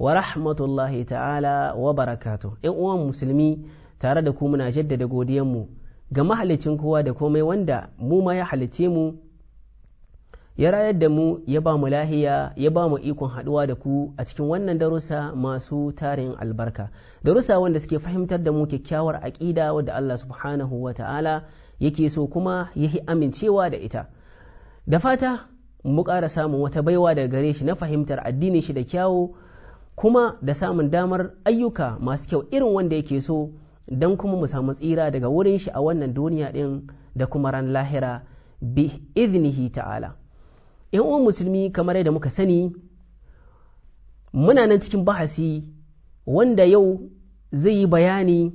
wa rahmatullahi ta'ala wa barakatu ‘yan uwan musulmi tare da ku muna jaddada mu ga mahallicin kowa da komai wanda mu ma ya halice mu ya rayar da mu ya ba mu lahiya ya ba mu ikon haduwa da ku a cikin wannan darussa masu tarin albarka darussa wanda suke fahimtar da mu kyakkyawar aƙida wadda Allah subhanahu wa ta'ala yake so kuma yahi amincewa da ita da fata mu ƙara samun wata baiwa daga gare shi na fahimtar addinin shi da kyawu kuma da samun damar ayyuka masu kyau irin wanda yake so don kuma mu samu tsira daga wurin shi a wannan duniya ɗin da kuma ran lahira bi iznihi ta'ala ‘yan uwan musulmi kamar yadda muka sani muna nan cikin bahasi wanda yau zai yi bayani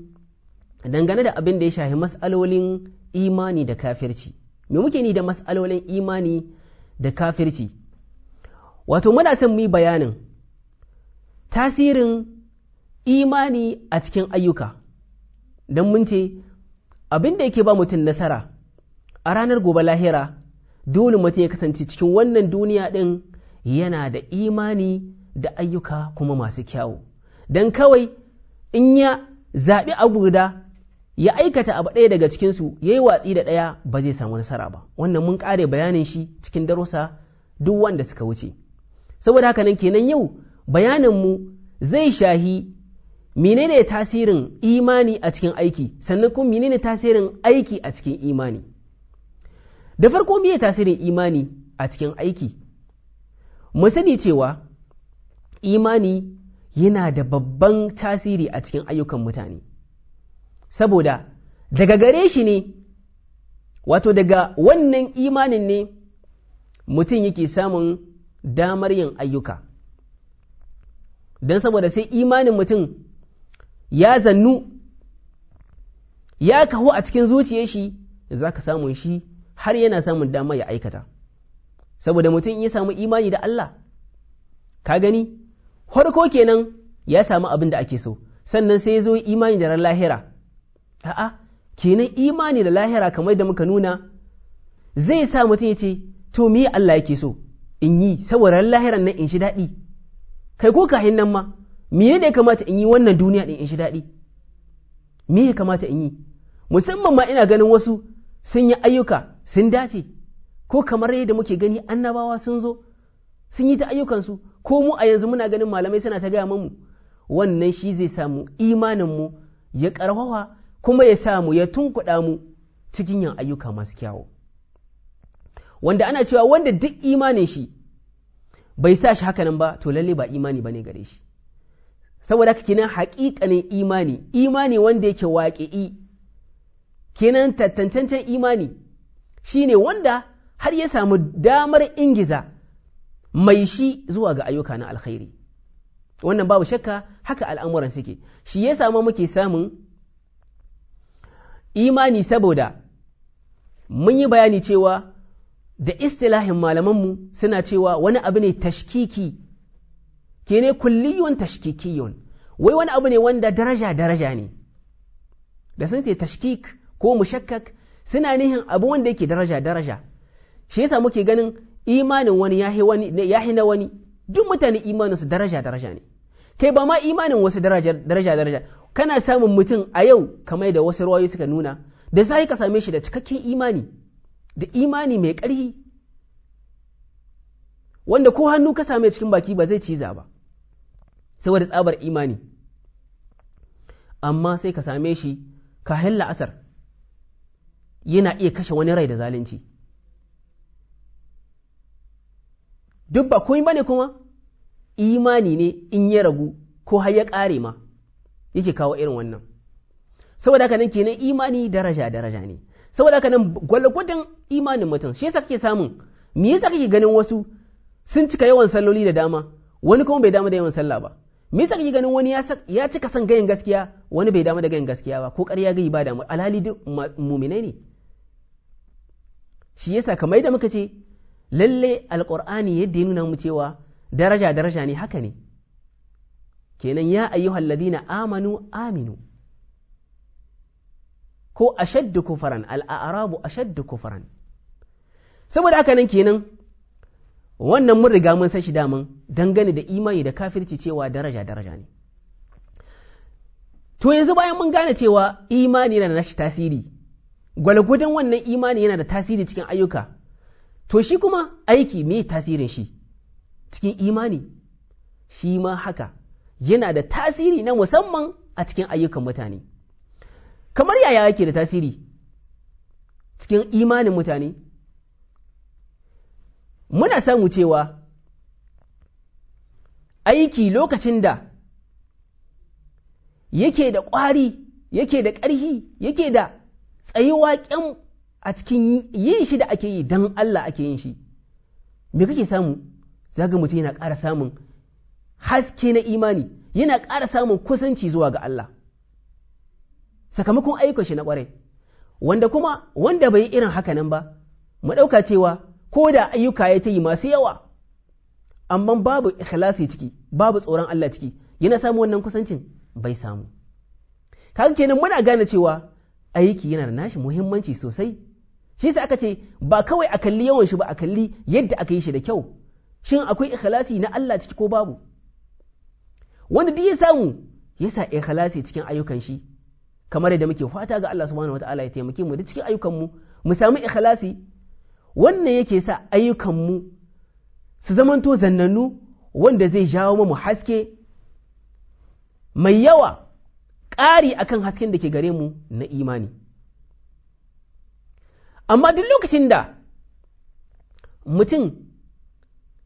dangane da abin da ya shafi matsalolin imani da kafirci me muke ni da matsalolin imani da kafirci wato muna son mu yi bayanin tasirin imani a cikin ayyuka don mun ce abin da yake ba mutum nasara a ranar gobe lahira dole mutum ya kasance cikin wannan duniya ɗin yana da imani da ayyuka kuma masu kyawu don kawai in ya zaɓi abu guda ya aikata abu ɗaya daga cikinsu ya yi watsi da ɗaya ba zai samu nasara ba wannan mun ƙare bayanin shi cikin darussa duk wanda suka wuce saboda haka nan kenan yau bayaninmu zai shahi menene tasirin imani a cikin aiki sannan kuma menene tasirin aiki a cikin imani da farko tasirin imani a cikin aiki mu sani cewa imani yana da babban tasiri a cikin ayyukan mutane saboda daga gare shi ne wato daga wannan imanin ne mutum yake samun damar yin ayyuka don saboda sai imanin mutum ya zannu ya kaho a cikin zuciyar shi za ka samun shi har yana samun dama ya aikata saboda mutum ya samu imani da Allah ka gani harko kenan ya samu abin da ake so sannan sai ya zo imani da ran lahira a'a kenan imani da lahira kamar da muka nuna zai sa mutum ya ce to me Allah yake so in yi saboda ran lahiran nan in shi daɗi kai ko kahin nan ma me ne kamata in yi wannan duniya din in shi daɗi me ya kamata in yi musamman ma ina ganin wasu sun yi ayyuka sun dace ko kamar yadda muke gani annabawa sun zo sun yi ta ayyukansu ko mu a yanzu muna ganin malamai suna ta gaya mamu? wannan shi zai samu mu ya karfafa kuma ya samu ya tunkuɗa mu cikin yin ayyuka masu kyawu wanda ana cewa wanda duk imanin shi bai sa shi hakanan ba to lalle ba imani bane gare shi saboda haka kenan haƙiƙanin imani imani wanda yake waƙi'i kenan tantancen imani shine wanda har ya samu damar ingiza mai shi zuwa ga ayyuka na alkhairi wannan babu shakka haka al'amuran suke shi ya samu muke samun imani saboda mun yi bayani cewa da istilahin malamanmu suna cewa wani abu ne tashkiki ke ne kulliyon tashkikiyon? wai wani abu ne wanda daraja daraja ne da sun ce tashkik ko mushakkak suna nihin abu wanda yake daraja daraja shi yasa muke ganin imanin wani yahi na wani duk mutane imanin su daraja daraja ne kai ba ma imanin wasu daraja daraja kana samun mutum a yau kamar da wasu ruwayoyi suka nuna da sai ka same shi da cikakken imani da imani mai ƙarfi wanda ko hannu ka same cikin baki ba zai ciza ba saboda tsabar imani amma sai ka same shi ka halla la'asar yana iya kashe wani rai da zalunci duk ba komai bane kuma imani ne in ya ragu ko har ya ƙare ma yake kawo irin wannan saboda haka nan kenan imani daraja daraja ne saboda haka nan gwalgwadon imanin mutum shi yasa kake samun me yasa kake ganin wasu sun cika yawan salloli da dama wani kuma bai dama da yawan sallah ba me yasa kake ganin wani ya cika son gayin gaskiya wani bai dama da gayin gaskiya ba ko ƙarya gayi ba damu alhali duk muminai ne shi yasa kamar yadda muka ce lalle alqur'ani yadda ya nuna mu cewa daraja daraja ne haka ne kenan ya ayyuhal ladina amanu aminu ko ashaddu kufran al'arabu ashaddu kufran saboda haka nan kenan wannan mun riga mun san shi daman dangane da imani da kafirci cewa daraja daraja ne to yanzu bayan mun gane cewa imani yana da nashi tasiri gwalgwadon wannan imani yana da tasiri cikin ayyuka to shi kuma aiki mai tasirin shi cikin imani shi ma haka yana da tasiri na musamman a cikin ayyukan mutane kamar yaya yake da tasiri cikin imanin mutane muna samu cewa aiki lokacin da yake da ƙwari yake da ƙarfi yake da tsayuwa ƙyan a cikin yin shi da ake yi don Allah ake yin shi me kake samu zaga mutum yana ƙara samun haske na imani yana ƙara samun kusanci zuwa ga Allah sakamakon ayyukan shi na kwarai wanda kuma wanda bai yi irin haka nan ba mu ɗauka cewa ko da ayyuka ya ta yi masu yawa amma babu ikhlasi ciki babu tsoron Allah ciki yana samu wannan kusancin bai samu kaga kenan muna gane cewa aiki yana da nashi muhimmanci sosai shi sai aka ce ba kawai a kalli yawan shi ba a kalli yadda aka yi shi da kyau shin akwai ikhlasi na Allah ciki ko babu wanda duk ya samu yasa ikhlasi cikin ayyukan shi kamar yadda muke fata ga Allah subhanahu wataala ya taimake mu da cikin ayyukanmu mu samu ikhlasi wannan yake sa ayyukanmu su zamanto zannannu wanda zai jawo mu haske mai yawa ƙari akan hasken da ke gare mu na imani amma duk lokacin da mutum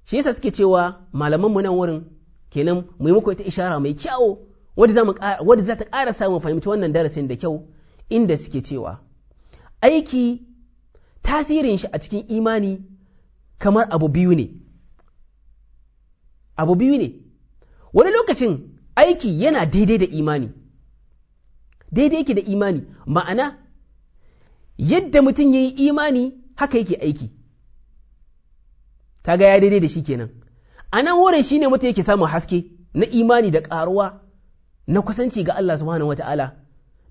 shi yasa suke cewa malaman mu nan wurin kenan mu yi muku ita ishara mai kyawo wadda za ta ƙara samun fahimci wannan darasin da kyau inda suke cewa aiki tasirin shi a cikin imani kamar abu biyu ne abu biyu ne wani lokacin aiki yana daidai da imani daidai yake da imani ma'ana yadda mutum ya yi imani haka yake aiki kaga ya daidai da shi kenan a nan wurin ne mutum yake samun haske na imani da ƙaruwa na kusanci ga Allah subhanahu wata'ala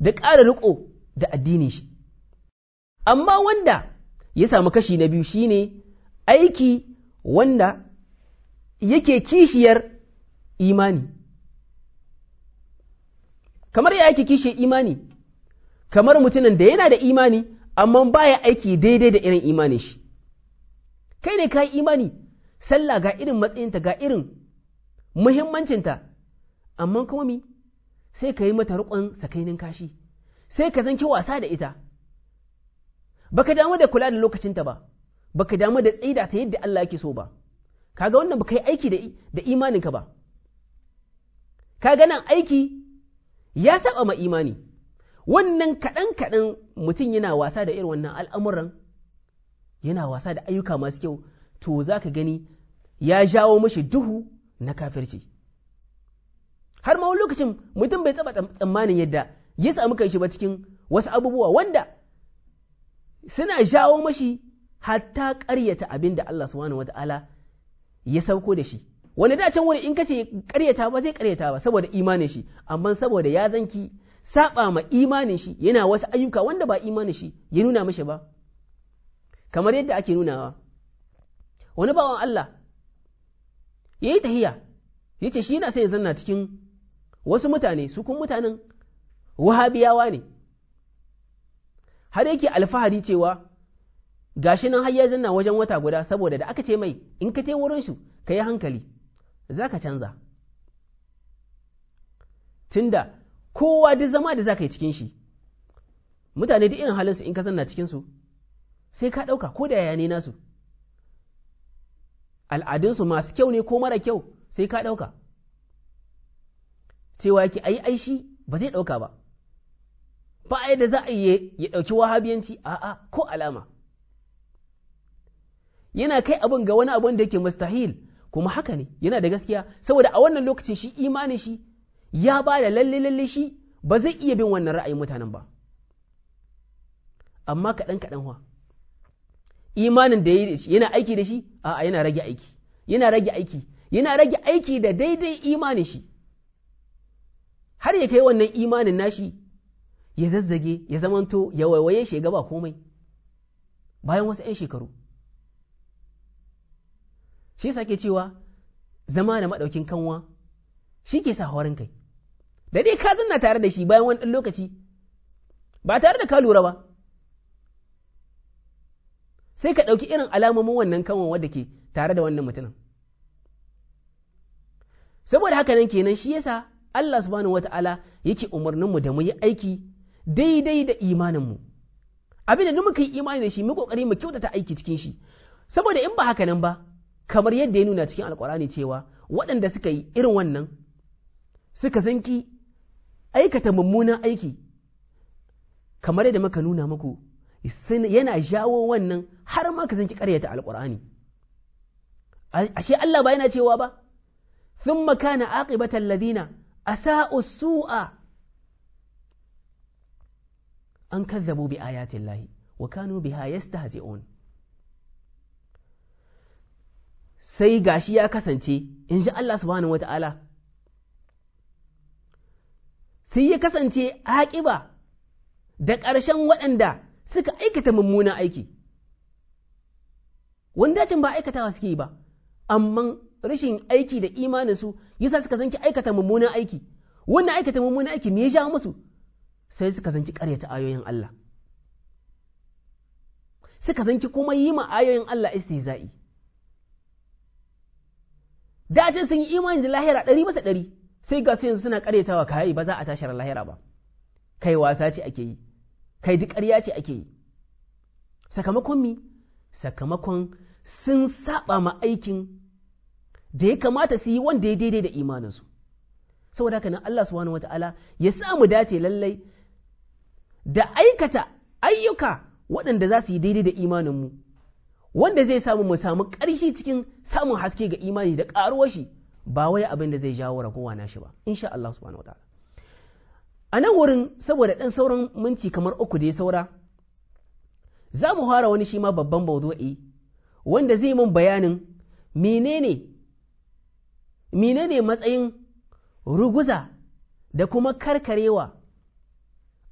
da ƙara riko da addini shi amma wanda ya samu kashi na biyu shine aiki wanda yake kishiyar imani kamar ya yake kishiyar imani kamar mutumin da yana da imani amma baya aiki daidai da irin imanin shi kai ne ka yi imani sallah ga irin matsayinta ga irin muhimmancinta amma kuma mi sai ka yi mata riƙon sakainin kashi sai ka zanki wasa da ita Ba ka damu da kula da lokacinta ba Ba ka damu da tsida ta yadda Allah yake so ba kaga wannan ba ka yi aiki da imaninka ba kaga nan aiki ya saba ma imani wannan kaɗan kaɗan mutum yana wasa da irin wannan al'amuran yana wasa da ayyuka masu kyau to za ka gani ya jawo mashi duhu na kafirci har ma wani lokacin mutum bai taba tsammanin yadda ya samu kai shi ba cikin wasu abubuwa wanda suna jawo mashi hatta ƙaryata abin da Allah subhanahu wata'ala ya sauko da shi wani da can wani in kace ƙaryata ba zai ƙaryata ba saboda imanin shi amma saboda ya zanki saba ma imanin shi yana wasu ayyuka wanda ba imanin shi ya nuna mashi ba kamar yadda ake nunawa wani bawan Allah ya yi tahiya ya ce shi yana sai ya zanna cikin wasu mutane su kun mutanen wahabiyawa ne har yake alfahari cewa gashi nan har ya wajen wata guda saboda da aka ce mai in ka te wurin su ka yi hankali za ka canza tunda kowa duk zama da za ka yi cikin shi mutane duk irin halinsu in ka zanna cikinsu sai ka ɗauka ko da yaya ne nasu al'adunsu masu kyau ne ko mara kyau sai ka ɗauka cewa yake ai ai shi ba zai ɗauka ba ba a da za a yi ya ɗauki wahabiyanci a'a ko alama yana kai abin ga wani abin da yake mustahil kuma haka ne yana da gaskiya saboda a wannan lokacin shi imanin shi ya ba da lalle lalle shi ba zai iya bin wannan ra'ayin mutanen ba amma kaɗan kaɗan wa imanin da yana aiki da shi a'a yana rage aiki yana rage aiki yana rage aiki da daidai imanin shi har ya kai wannan imanin nashi ya zazzage ya zamanto ya waiwaye shi gaba komai bayan wasu 'yan shekaru shi sake cewa zama da maɗaukin kanwa shi ke sa horin kai da dai ka zanna tare da shi bayan wani ɗan lokaci ba tare da ka lura ba sai ka ɗauki irin alamomin wannan kanwan wadda ke tare da wannan mutumin saboda haka nan kenan shi yasa Allah subhanahu wata'ala yake umarninmu da mu yi aiki daidai da imaninmu Abinda da muka yi imani da shi mu kokari mu kyautata aiki cikin shi saboda in ba haka nan ba kamar yadda ya nuna cikin alkurani cewa waɗanda suka yi irin wannan suka zanki aikata mummunan aiki kamar yadda muka nuna muku yana jawo wannan har ma ka zanki ƙaryata alkurani ashe Allah ba yana cewa ba thumma kana aqibatan ladina asa'u su'a an kazzabu bi ayatin lahi wa kanu biha yastahzi'un sai gashi ya kasance in ji Allah subhanahu wata'ala sai ya kasance aƙiba da ƙarshen waɗanda suka aikata mummunan aiki wanda can ba aikatawa suke yi ba amma rashin aiki da imaninsu yasa suka zanki aikata mummunan aiki wannan aikata mummunan aiki me ya sha musu sai suka zanki karyata ayoyin Allah suka zanki kuma yi ma ayoyin Allah istihza'i da ce sun yi imani da lahira ɗari masa ɗari sai ga yanzu suna karyatawa kai ba za a tashar lahira ba kai wasa ce ake yi kai duk ƙarya ce ake yi sakamakon mi sakamakon sun saba ma aikin da ya kamata su yi wanda ya daidai da imaninsu saboda haka nan Allah subhanahu ala ya sa mu dace lallai da aikata ayyuka waɗanda za su yi daidai da imaninmu wanda zai samu mu samu ƙarshi cikin samun haske ga imani da ƙaruwar shi ba wai abin da zai jawo ragowa na shi ba insha Allah subhanahu ala. a nan wurin saboda ɗan sauran minti kamar uku da ya saura za mu fara wani shi ma babban maudu'i wanda zai mun bayanin menene menene matsayin ruguza da kuma karkarewa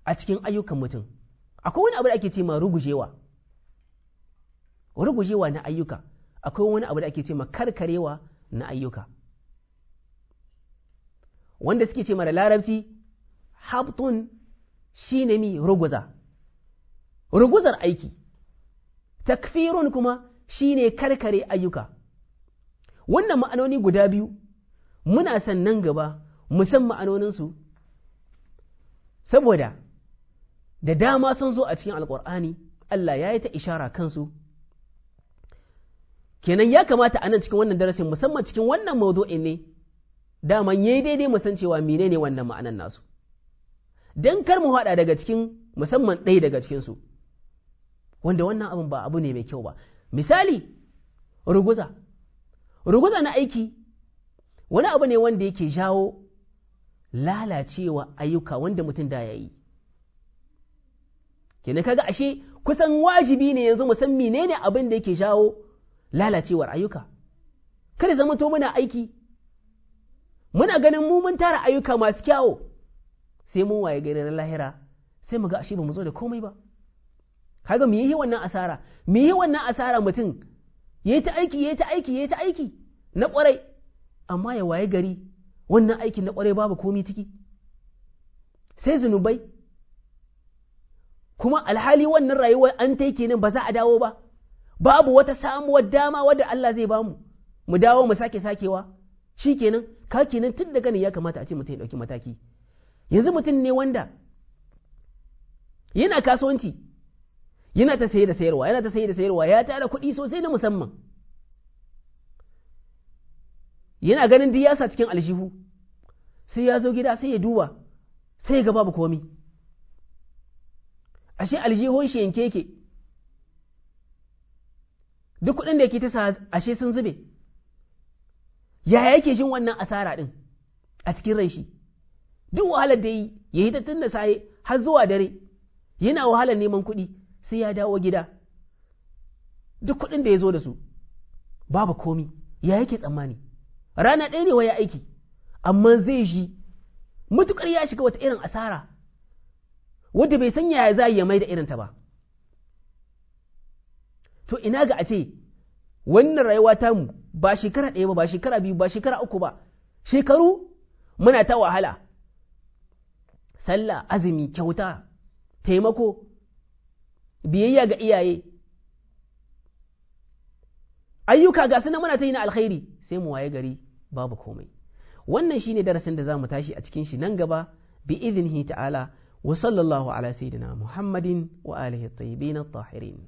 a cikin ayyukan mutum akwai wani abu da ake ce rugujewa rugujewa na ayyuka akwai wani abu da ake ce karkarewa na ayyuka wanda suke ce da larabci habtun shi ne mi ruguza ruguzar aiki takfirun kuma shi ne karkare ayyuka wannan ma'anoni guda biyu muna son nan gaba musan ma'anoninsu saboda da dama sun zo a cikin alkur'ani Allah ya yi ta ishara kansu kenan ya kamata a nan cikin wannan darasin musamman cikin wannan maudu'in ne daman yayi daidai mu san cewa menene wannan ma'anan nasu dan kar mu haɗa daga cikin musamman ɗaya daga cikin su wanda wannan abin ba abu ne mai kyau ba misali ruguza ruguza na aiki wani abu ne wanda yake jawo lalacewa ayyuka wanda mutum da ya yi kenan kaga ashe kusan wajibi ne yanzu musan menene abin da yake jawo lalacewar ayyuka kada zama to muna aiki muna ganin mu mun tara ayyuka masu kyawo sai mun waye gari na lahira sai mu ga ashe ba mu zo da komai ba kaga me yi wannan asara me yi wannan asara mutum yayi ta aiki yayi ta aiki yayi ta aiki na kwarai amma ya waye gari wannan aikin na kwarai babu komi ciki sai zunubai kuma alhali wannan rayuwar an ta kenan ba za a dawo ba babu wata samuwar dama wadda Allah zai bamu mu dawo mu sake sakewa shi kenan ka kenan tun da ne ya kamata a ce mutum ya ɗauki mataki yanzu mutum ne wanda yana kasuwanci yana ta saye da sayarwa yana ta saye da sayarwa ya tara kuɗi sosai na musamman yana ganin duk ya sa cikin aljihu sai ya zo gida sai ya duba sai ya ga babu komi ashe aljihun shi yanke yake duk kuɗin da yake ta sa ashe sun zube yaya yake jin wannan asara ɗin a cikin ran shi duk wahalar da yi ya yi tun da saye har zuwa dare yana wahalar neman kuɗi sai ya dawo gida duk kuɗin da ya zo da su babu komi ya yake tsammani rana ɗaya ne waya aiki amma zai shi Matuƙar ya shiga wata irin asara wadda bai san yaya za ya mai da irinta ba to ina ga a ce wannan rayuwa tamu ba shekara ɗaya ba ba shekara biyu ba shekara uku ba shekaru muna ta wahala sallah azumi kyauta taimako biyayya ga iyaye ayyuka ga suna muna ta yi na alkhairi sai mu waye gari babu komai wannan shine darasin da zamu tashi a cikin shi nan gaba bi idnihi ta'ala wa sallallahu ala sayyidina muhammadin wa alihi at-tayyibin at-tahirin